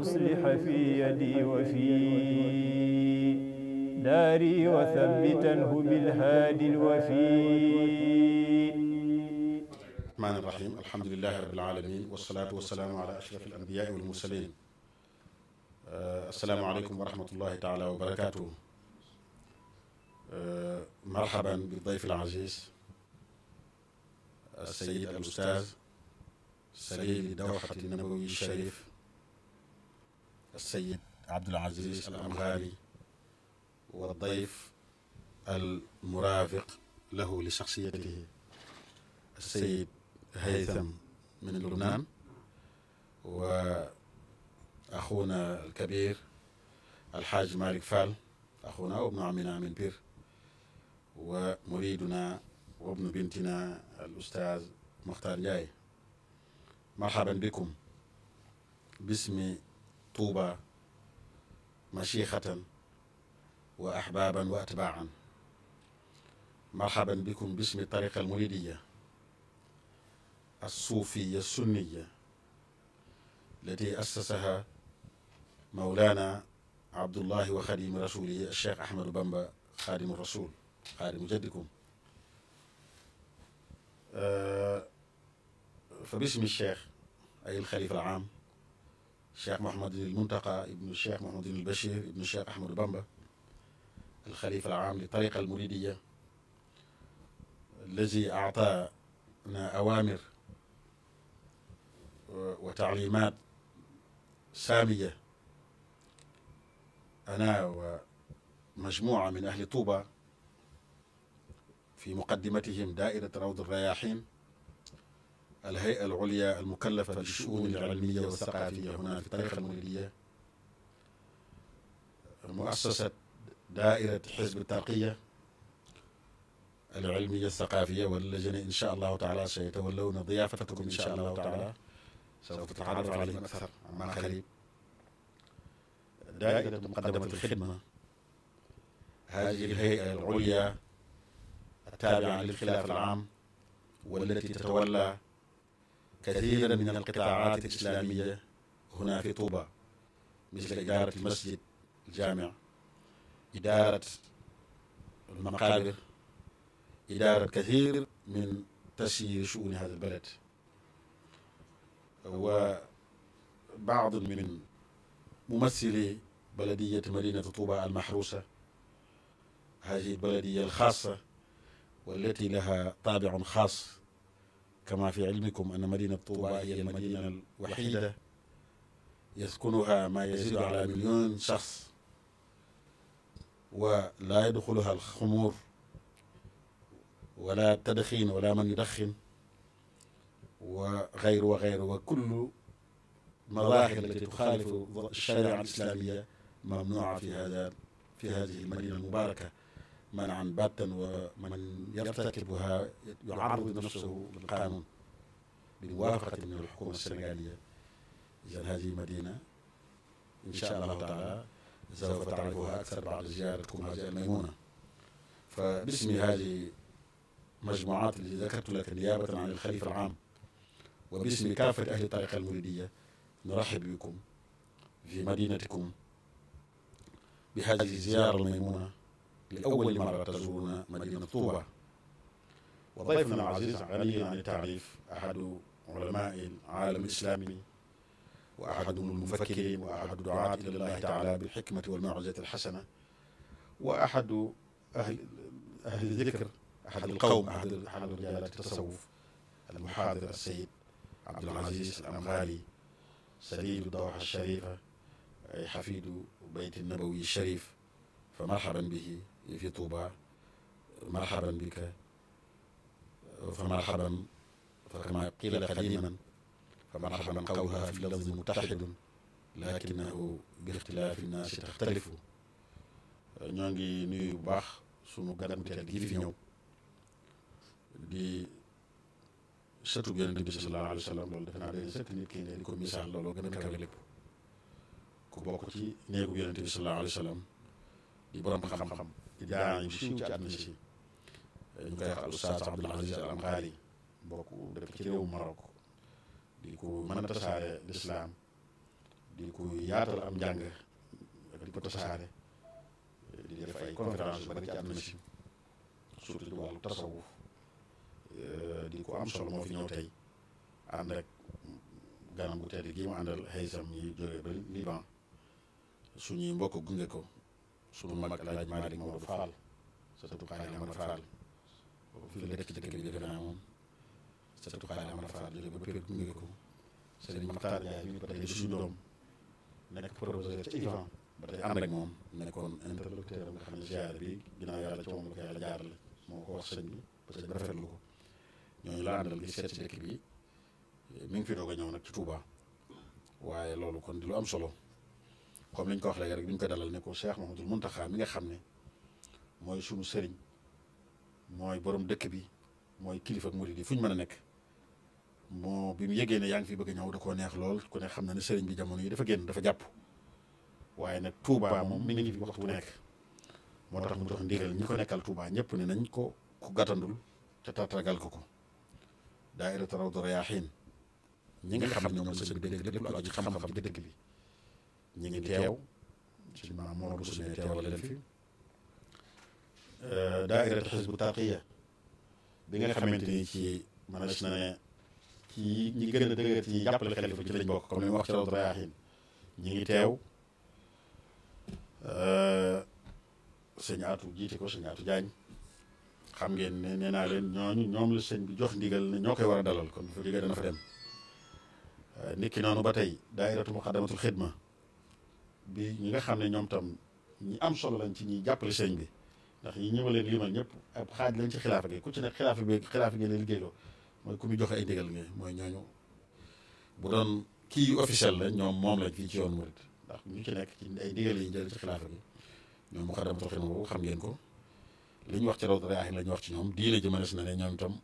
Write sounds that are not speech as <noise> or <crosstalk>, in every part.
يصلح في يدي وفي داري وثبتنه بالهادي الوفي الرحمن الرحيم الحمد لله رب العالمين والصلاة والسلام على أشرف الأنبياء والمرسلين السلام عليكم ورحمة الله تعالى وبركاته مرحبا بالضيف العزيز السيد الأستاذ سليل دوحة النبوي الشريف sayid abdul aziz al amhaari wa dayf al muraafiq lahu li shaxsiyatihi sayid haytham min lubnaan wa axuuna al kabir alxaaj malik fall axuuna wa ibnu amina min piir wa muriduna wa ibnu bintina al ustaaz muxtaar njaay marhaban bikum bismi tuuba machixatan wa ahbaaban wa atbaan marhaban bikum bismi tariqa almuridiya alsuufiya sunniya lati assasaha maulana abdullahi wa xadimi rasulihi alcheikh ahmadou bamba xaadimu rasul xaadimu jaddikum fa bismi cheikh ay alxalifa al aam cheikh Mouhamadul Muntaqa ibnu cheikh Mouhamadul Bachir ibnu cheikh Ahmadou Bamba alxalifa alaam li tariqa almuridiya allazi aataana awaamir wa taalimaat saamiya ana wa majmuca min ahli Tuuba fi muqaddimatihim daairatu rawdi rayaaxiin الهيئة العليا المكلفة بالشؤون العلمية والثقافية هنا في الطريقة المولدية مؤسسة دائرة حزب الترقية العلمية الثقافية واللجنة إن شاء الله تعالى سيتولون ضيافتكم إن شاء الله تعالى سوف تتعرف عليهم أكثر عما قريب دائرة مقدمة الخدمة هذه الهيئة العليا التابعة للخلاف العام والتي تتولى كثيرا من القطاعات الإسلامية هنا في طوبى مثل إدارة المسجد الجامع إدارة المقابر إدارة كثير من تسيير شؤون هذا البلد وبعض من ممثلي بلدية مدينة طوبى المحروسة هذه البلدية الخاصة والتي لها طابع خاص كما في علمكم أن مدينة طوبى هي المدينة الوحيدة يسكنها ما يزيد على مليون شخص ولا يدخلها الخمور ولا التدخين ولا من يدخن وغير وغير وكل المظاهر التي تخالف الشريعة الإسلامية ممنوعة في هذا في هذه المدينة المباركة منعا باتا ومن يرتكبها يعرض نفسه بالقانون بموافقة من الحكومة السنغالية إذا هذه مدينة إن شاء الله تعالى سوف تعرفها أكثر بعد زيارتكم هذه الميمونة فباسم هذه مجموعات التي ذكرت لك نيابة عن الخليفة العام وباسم كافة أهل الطريقة المريدية نرحب بكم في مدينتكم بهذه الزيارة الميمونة لأول مرة تزورون مدينة طوبى وضيفنا العزيز غني عن التعريف أحد علماء العالم الإسلامي وأحد المفكرين وأحد دعاة إلى الله تعالى بالحكمة والموعظة الحسنة وأحد أهل, أهل الذكر أحد القوم أحد, أحد رجال التصوف المحاضر السيد عبد العزيز الأمغالي سليل الضوحة الشريفة أي حفيد بيت النبوي الشريف فمرحبا به fi Touba bi ka fa marhaban fa kama qila qadiman fa marhaban qawha fi lafzi mutaxidun lakinahu bi ixtilaafi naasi taxtalifu ñoo ngi nuyu bu baax sunu gan teel gii fi ñëw di sëtu yonent bi sallallahu alayhi wa sallam loolu defe naa day sëkk nit ki ne di ko misaal loolu gën a kawe lépp ku bokk ci néegu yonent bi sallallahu alayhi wa di borom xam daara bu siiw ci àdduna ñu koy wax al ustaas Abdul Aziz Al ci réewu Maroc di ko mën a tasaare lislaam di ko yaatal am njàng ak di ko tasaare di def ay conférence yu bari ci àdduna si surtout ci wàllu tasawuf euh, di ko am solo moo fi ñëw tey ànd ak ganam gu tedd gi mu àndal xaysam yi jóge ba Liban suñuy mbokk gunge ko su sunu mag Alaaji Maalik Maodo Fall sëtu Xaali Amar Fall fii la dëkk dëkk bi defe naa moom sa sëtu Xaali Amar Fall jóge ba Pire gunge ko sëriñ Maxtaar Njaay bi ñu ko tey suñu doom nekk proposé ca IFAN ba tey ànd ak moom nekkoon interlocuteur am nga xam ne ziyaare bi ginnaaw yàlla ci moom la a yàlla jaarale moo ko wax sëñ bi ba sëñ bi rafetlu ko ñooñu la àndal gi seet ci dëkk bi mi ngi fi doog a ñëw nag ci Touba waaye loolu kon di lu am solo comme lañ ñu ko wax léegi rek bi ñu koy dalal ne ko Cheikh Mouhamadoul Mountakha mi nga xam ne mooy sunu sëriñ mooy borom dëkk bi mooy kilifa ak di yi fu ñu mën a nekk moo bi mu yëgee ne yaa ngi fi bëgg ñëw da koo neex lool ku ne xam na ne sëriñ bi jamono yi dafa génn dafa jàpp waaye nag Touba moom mi ngi fi waxtu nekk moo tax mu jox ndigal ñi ko nekkal Touba ñëpp ne nañ ko ku gàttandul te tàttagal ko ko daayira Rawdu Rayaahiin ñi nga xam ne ñoom sëñ bi xam-xam ci dëkk bi ñu ngi teew suñu maanaam moo rusu ne teewal leen fi euh, daaira Hizbu Tarqiyyah bi nga xamante ni ci mënees na ne ci ñi gën a dëgër ci ñi jàppale xalifa ci lañ bokk comme li wax ci ñi ngi teew euh, sëñ Aatu jiite ko sëñ Aatu xam ngeen ne nee naa leen ñooñu ñoom la sëñ bi jox ndigal ne ñoo koy war a dalal kon bu fa dana fa dem euh, nit ki noonu ba tey daayiratu Muqaddamatul Xidma bi ñi nga xam ne ñoom tam ñu am solo lañ ci ñi jàppale seeñ bi ndax ñi ñëw leen limal ñëpp ab xaaj lañ ci xilaafa gi ku ci nekk xilaafa bi xilaafa gi leen liggéeyloo mooy ku mu joxe ay ndigal nga mooy ñooñu kii officiel ñoom moom lañ fii ci yoon murit ndax ñu ci nekk ci ay ndigal yi ñu jël ci xilaafa gi ñoom mu xadamatul xidma boobu xam ngeen ko li ñu wax ci raw daraaxi la ñu wax ci ñoom diine ji mënees na ne ñoom itam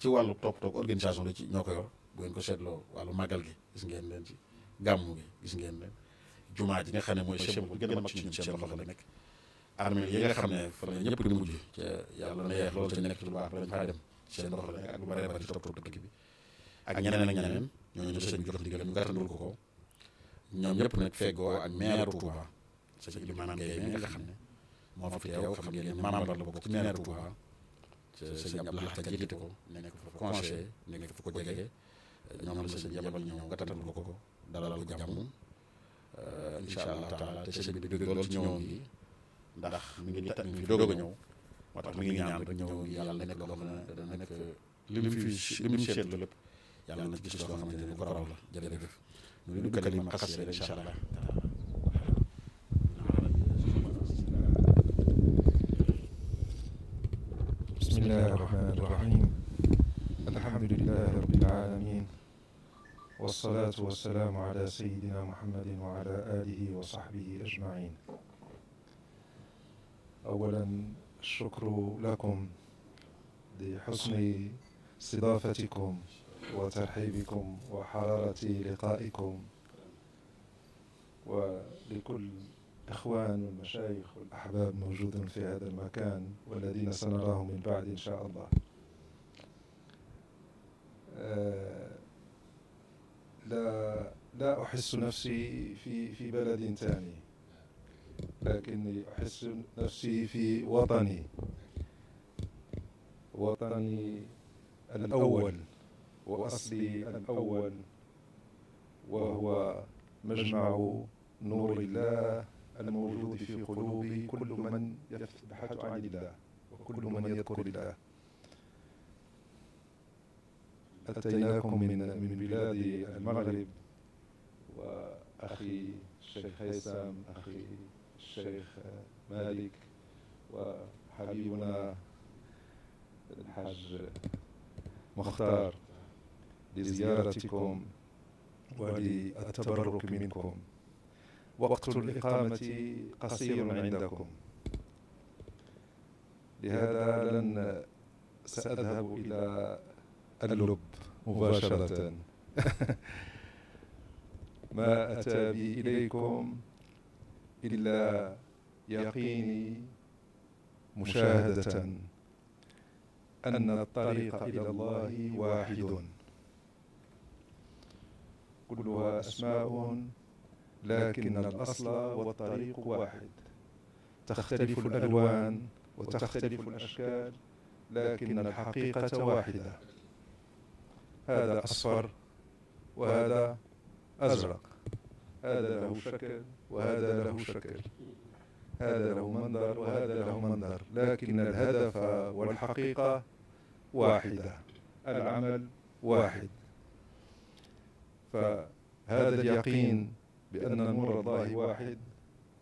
ci wàllu topp toog organisation la ci ñoo ko yor bu ngeen ko seetloo wàllu màggal gi gis ngeen leen ci gàmmu gi gis ngeen leen jumaa ji nga xam ne mooy chemb bu gën a mag seen loxo nga xam ne fa di mujj yàlla na yeex loolu ca nekk lu baax lañ faa dem seen topp topp dëkk bi ak ñeneen ak ñeneen ñooñu ñu seen jox ko ko ñoom ñëpp nag feggoo ak nga xam ne moo fa fi teew xam ngeen ne membre la bokk ci maire Touba sëñ Abdoulaye Ka jiite ko nekk fa conseiller nekk fa ko jege ñoom la sëñ yabal ñëw gàttandul ko ko dalal ko jàmm incha allah taala te sëñ bi bëgg lool ci ñëw gi ndax mi ngi ta mi ngi doog a ñëw moo tax mi ngi ñaan rek ñëw gi yàlla nekk loo xam ne dana nekk li mu fi li mu seetlu lépp yàlla na ci gis loo xamante ne bu ko raw la jërëjëf ñu ngi dukkal ma xas rek incha allah bismillahi rahmani rahim alhamdulillahi rabbil alamin wasalaatu wasalaamu ala sayidina muhammadin wa ala alihi wa sahbihi ajmain awalan shukru lakum lixusni istidaafatikum wa tarxiibikum wa xaraarati liqaa'ikum wa likul ixwaan walmashaayix walaxbaab mawjuudun fi haaza almakaan walladiina sanaraahum min bacd inshaa allah لا لا أحس نفسي في في بلد ثاني لكني أحس نفسي في وطني وطني الأول وأصلي الأول وهو مجمع نور الله الموجود في قلوب كل من يبحث عن الله وكل من يذكر الله أتيناكم من من بلاد المغرب وأخي الشيخ هيثم أخي الشيخ مالك وحبيبنا الحاج مختار لزيارتكم وللتبرك منكم وقت الإقامة قصير عندكم لهذا لن سأذهب إلى اللب مباشرة ما أتى بي إليكم إلا يقيني مشاهدة أن الطريق إلى الله واحد كلها أسماء لكن الأصل والطريق واحد تختلف الألوان وتختلف الأشكال لكن الحقيقة واحدة هذا أصفر وهذا أزرق هذا له شكل وهذا له شكل هذا له منظر وهذا له منظر لكن الهدف والحقيقة واحدة العمل واحد فهذا اليقين بأن نور الله واحد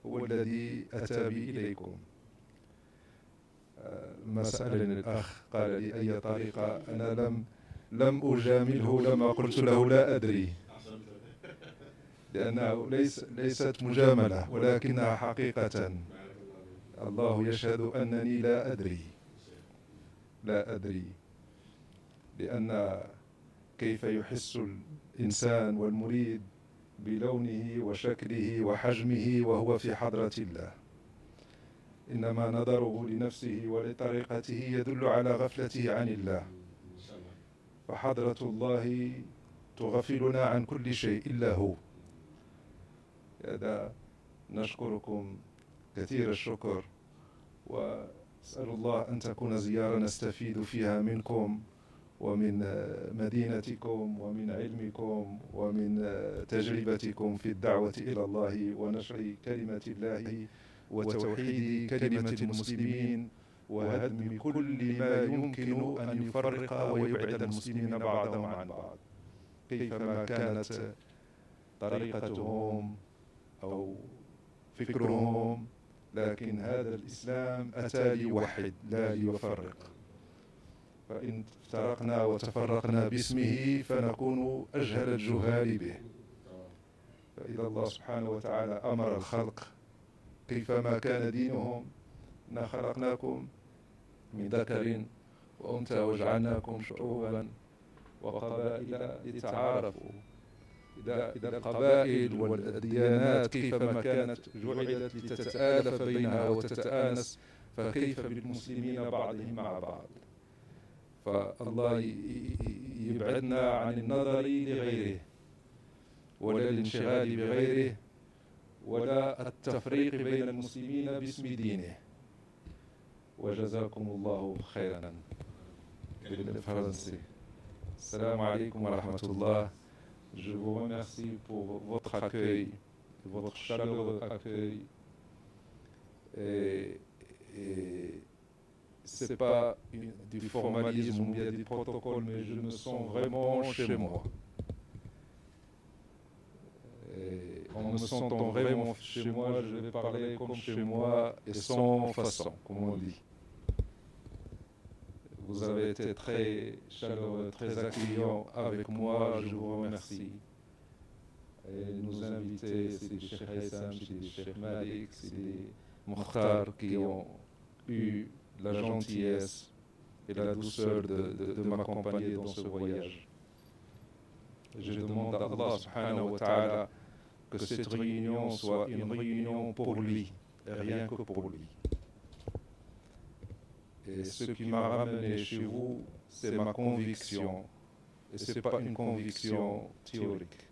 هو الذي أتى بي إليكم لما سألني الأخ قال لي أي طريقة أنا لم لم أجامله لما قلت له لا أدري لأنه ليس ليست مجاملة ولكنها حقيقة الله يشهد أنني لا أدري لا أدري لأن كيف يحس الإنسان والمريد بلونه وشكله وحجمه وهو في حضرة الله إنما نظره لنفسه ولطريقته يدل على غفلته عن الله fa xadratu llahi tuxafiluna an kulli shay illa hu هذا نشكركم كثير الشكر وأسأل الله أن تكون زيارة نستفيد فيها منكم ومن مدينتكم ومن علمكم ومن تجربتكم في الدعوة إلى الله ونشر كلمة الله وتوحيد كلمة المسلمين وهدم كل ما يمكن أن يفرق ويبعد المسلمين بعضهم عن بعض كيفما كانت طريقتهم أو فكرهم لكن هذا الإسلام أتى ليوحد لا ليفرق فإن افترقنا وتفرقنا باسمه فنكون أجهل الجهال به فإذا الله سبحانه وتعالى أمر الخلق كيفما كان دينهم إنا خلقناكم من ذكر وأنثى وجعلناكم شعوبا وقبائل لتعارفوا إذا إذا القبائل والديانات كيفما كانت جعلت لتتآلف بينها وتتآنس فكيف بالمسلمين بعضهم مع بعض فالله يبعدنا عن النظر لغيره ولا الانشغال بغيره ولا التفريق بين المسلمين باسم دينه wa jazakumullahu xayran de français. Salam alaikum wa rahmatullah. Je vous remercie pour votre accueil, votre chaleureux accueil. Et, et ce n'est pas une, du formalisme ou bien du protocole, mais je me sens vraiment chez moi. Et en me sentant vraiment chez moi, je vais parler comme chez moi et sans façon, comme on dit. Vous avez été très chaleureux, très accueillants avec moi. Je vous remercie. Et la gentillesse et la douceur de, de, de dans ce voyage. Je demande Allah subhanahu que cette réunion soit une réunion pour lui, rien que pour lui. Et ce qui m'a ramené chez vous, c'est ma conviction. Et ce n'est pas une conviction théorique,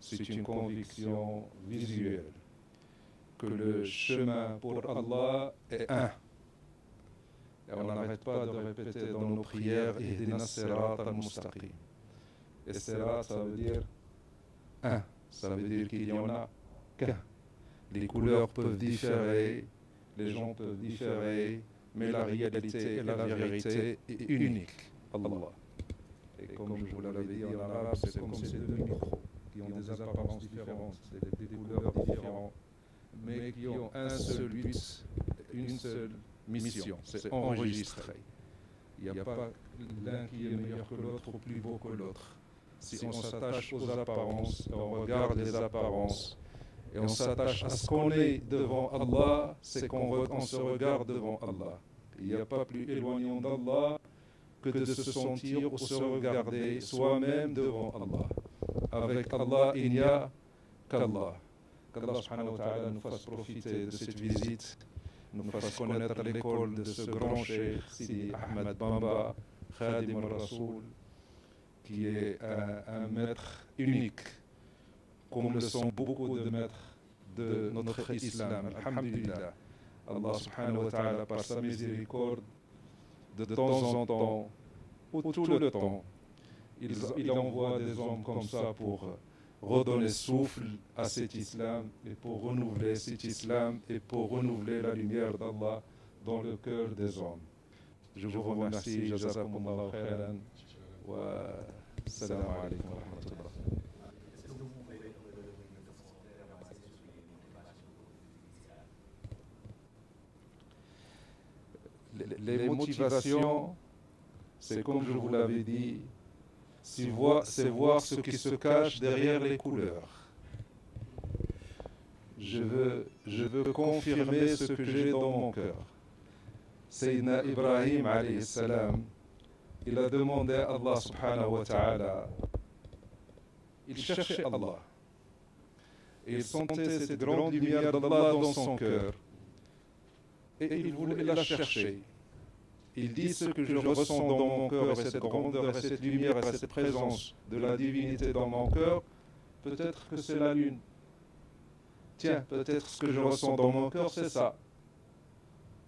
c'est une conviction visuelle. Que le chemin pour Allah est un. Et on n'arrête pas de répéter dans nos prières Ihdina Sirat al-Mustaqim. Et Sirat, ça veut dire un. Ça veut dire qu'il n'y en a qu'un. Les couleurs peuvent différer, les gens peuvent différer, mais la réalité est unique. Allah. Et comme je vous l'avais en arabe, c'est comme ces deux micros qui ont des apparences différentes, des, des couleurs différentes, mais qui ont un seul but, une seule mission, c'est enregistrer. Il n'y a pas l'un qui est meilleur que l'autre plus beau que l'autre. Si on s'attache aux apparences, on regarde les apparences et on s'attache à ce qu'on est devant Allah, c'est qu'on se regarde devant Allah. Il n'y a pas plus éloignant d'Allah que de se sentir ou se regarder soi-même devant Allah. Avec Allah, il n'y a qu'Allah. Qu'Allah subhanahu wa ta'ala nous fasse profiter de cette visite, nous fasse connaître l'école de ce grand cheikh, Sidi Ahmed Bamba, Khadim al-Rasoul, qui est un, un maître unique, comme le sont beaucoup de maîtres de notre islam. Alhamdulillah. Allah subhanahu wa ta'ala par sa miséricorde, de temps en temps, ou tout le temps, il, il envoie des hommes comme ça pour euh, redonner souffle à cet islam et pour renouveler cet islam et pour renouveler la lumière d'Allah dans le cœur des hommes. Je vous remercie. Jazakumullahu khairan. Wa salam alaykum wa rahmatullah. les motivations, c'est comme je vous dit, c'est voir, ce qui se cache derrière les couleurs. Je veux, confirmer ce que j'ai dans mon cœur. Sayyidina Ibrahim il a demandé Allah subhanahu wa ta'ala. Il cherchait Allah. Et il sentait cette grande dans son cœur. Et il, voulait, la chercher. Il dit ce que je ressens dans mon cœur et cette grandeur et cette lumière et cette présence de la divinité dans mon cœur, peut-être que c'est la lune. Tiens, peut-être ce que je ressens dans mon cœur, c'est ça.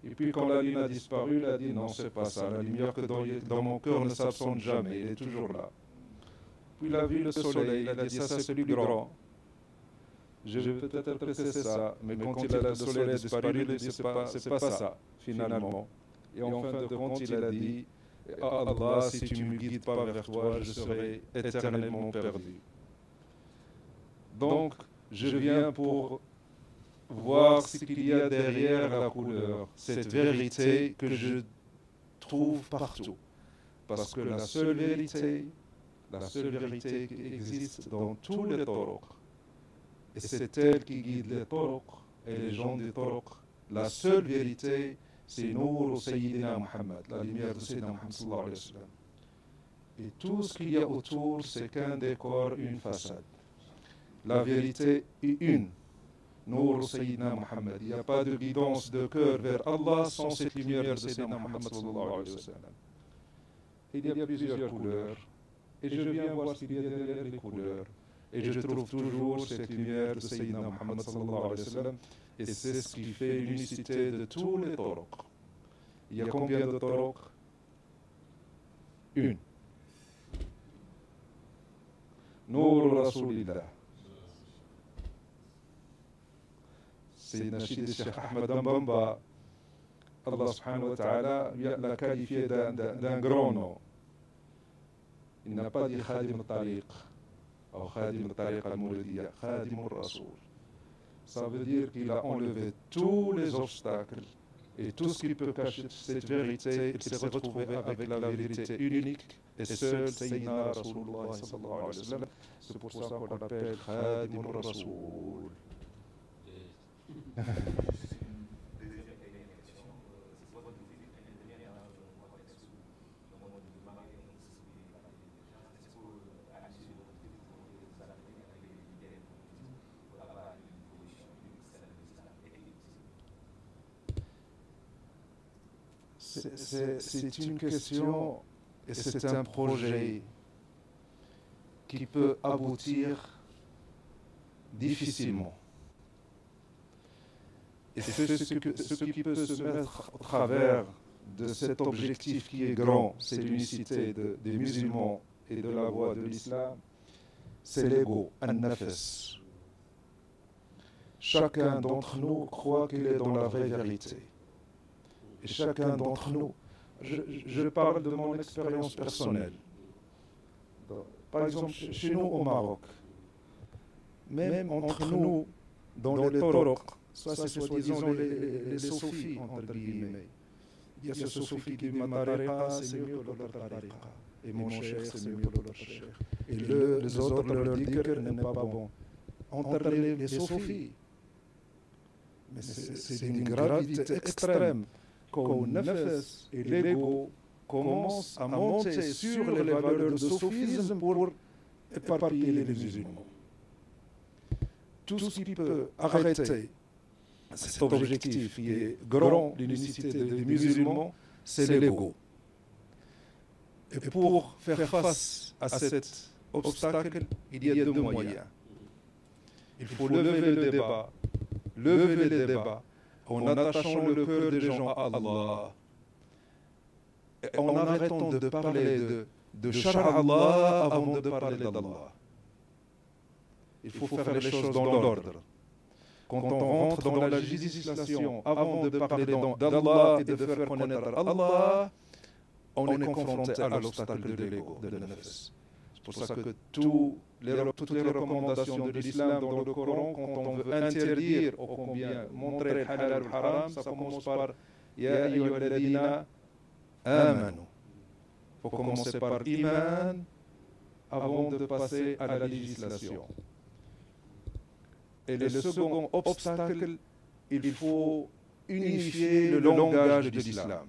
Et puis quand la lune a disparu, il a dit non, c'est pas ça. La lumière que dans, mon cœur ne s'absente jamais, est toujours là. Puis il a vu le soleil, il a dit ça, c'est le plus grand. Je vais peut-être apprécier ça, mais quand il a le soleil disparu, il Et en fin de compte, il a dit, Allah, si tu me guides pas toi, je serai éternellement perdu. Donc, je viens pour voir ce qu'il y a derrière la couleur, cette vérité que je trouve partout. Parce que la seule vérité, qui existe dans tous les torques, et c'est elle qui guide les torques et les gens des torques, la seule vérité c'est Nour Sayyidina Muhammad, la lumière de Sayyidina Muhammad sallallahu alayhi wa sallam. Et tout ce qu'il y a autour, c'est qu'un décor, une façade. La vérité est une. Nour Sayyidina Muhammad. Il n'y a pas de guidance de cœur vers Allah sans cette lumière de Sayyidina Muhammad sallallahu alayhi wa sallam. Il y a plusieurs couleurs. Et je viens voir ce qu'il y a derrière les couleurs. Et je trouve toujours cette lumière de Sayyidina Muhammad sallallahu alayhi wa sallam Et c'est ce qui fait l'unicité de tous les a combien de toroks Une. Nour Rasulillah. Sayyidina Chidi Cheikh Ahmed Bamba, Allah subhanahu wa ta'ala l'a qualifié d'un grand nom. Il n'a pas dit Khadim Tariq, ou Khadim Tariq al-Mouridiyya, Khadim al-Rasoul. ça veut dire a enlevé tous les obstacles et tout ce qui cette vérité, il s'est retrouvé avec la vérité unique et seule, Sayyidina Rasulullah sallallahu alayhi wa sallam. C'est pour ça qu'on l'appelle Khadimur Rasoul. <laughs> C'est une question et c'est un projet qui peut aboutir difficilement. Et ce, qui peut se mettre au travers de cet objectif qui est grand, c'est l'unicité des musulmans et de la voie de l'islam, c'est l'ego, an-nafs. Chacun d'entre nous croit qu'il est dans la vérité. chacun d'entre nous. Je, parle de mon expérience personnelle. Par exemple, chez nous au Maroc, même entre nous, dans, dans toroq, ça c'est soi les, sophies, entre guillemets. Et mon cher, c'est Et les autres, leur dhikr n'est pas bon. Entre les, sophies. Mais c'est d'une gravité extrême. qu'on nefes et l'ego commencent à monter sur les valeurs de sophisme pour éparpiller les musulmans. Tout ce qui peut arrêter cet objectif qui est grand l'unicité des musulmans, c'est l'ego. Et pour faire face à cet obstacle, il y a deux moyens. Il faut lever le débat, en attachant le cœur des gens à Allah, en arrêtant de parler de, de Allah avant de parler d'Allah. Il faut faire les choses dans l'ordre. Quand on rentre dans la législation, avant de parler d'Allah et de faire connaître Allah, on est confronté à l'obstacle de l'ego, de la nefs. pour ça que tout les, toutes les recommandations de l'islam dans le Coran, quand on veut interdire le halal ou le haram, ça commence par Ya ayyuhalladhina amanu. Il à la législation. Et le second obstacle, il faut unifier le langage de l'islam.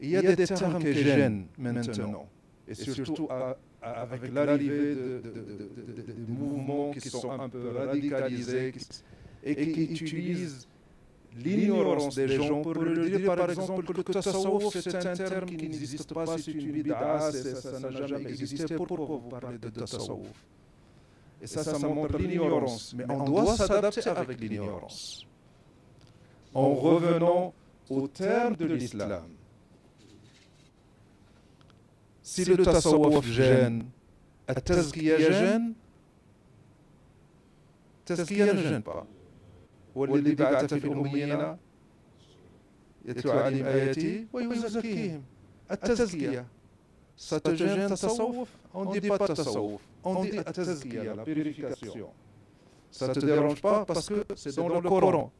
Il y a des termes que avec l'arrivée de, mouvements qui sont un peu radicalisés et qui, utilisent l'ignorance des gens pour leur dire, par exemple, que tasawwuf, c'est un terme qui n'existe pas, c'est une bid'a, n'a jamais existé. Pourquoi vous parlez de tasawwuf Et ça, ça montre l'ignorance. Mais on doit s'adapter avec l'ignorance. En revenant au terme de l'islam, si le tasawuf gêne, la tazkiya gêne, التزكية ne gêne pas. والذي بعث في الأميين يتلو عليهم آياته ويزكيهم التزكية ça te gêne tasawuf on dit pas tasawuf on dit التزكية la purification ça te dérange pas parce que c'est dans le Coran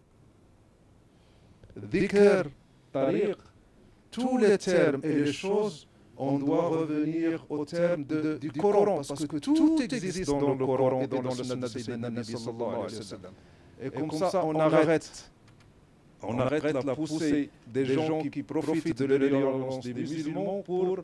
dhikr tariq tous les termes et les choses on doit revenir au terme de, du Coran, parce que tout existe dans le Coran et dans le Sunnah de Nabi sallallahu alayhi wa sallam. Et comme ça, on arrête, on arrête la poussée des gens qui profitent de l'alliance des musulmans pour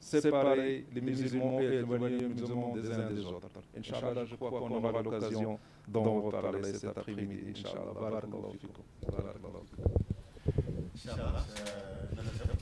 séparer les musulmans et éloigner les musulmans des uns des autres. Inch'Allah, je crois qu'on aura l'occasion d'en reparler cet après-midi. Inch'Allah. Barakallahu fikum. Barakallahu fikum. Inch'Allah.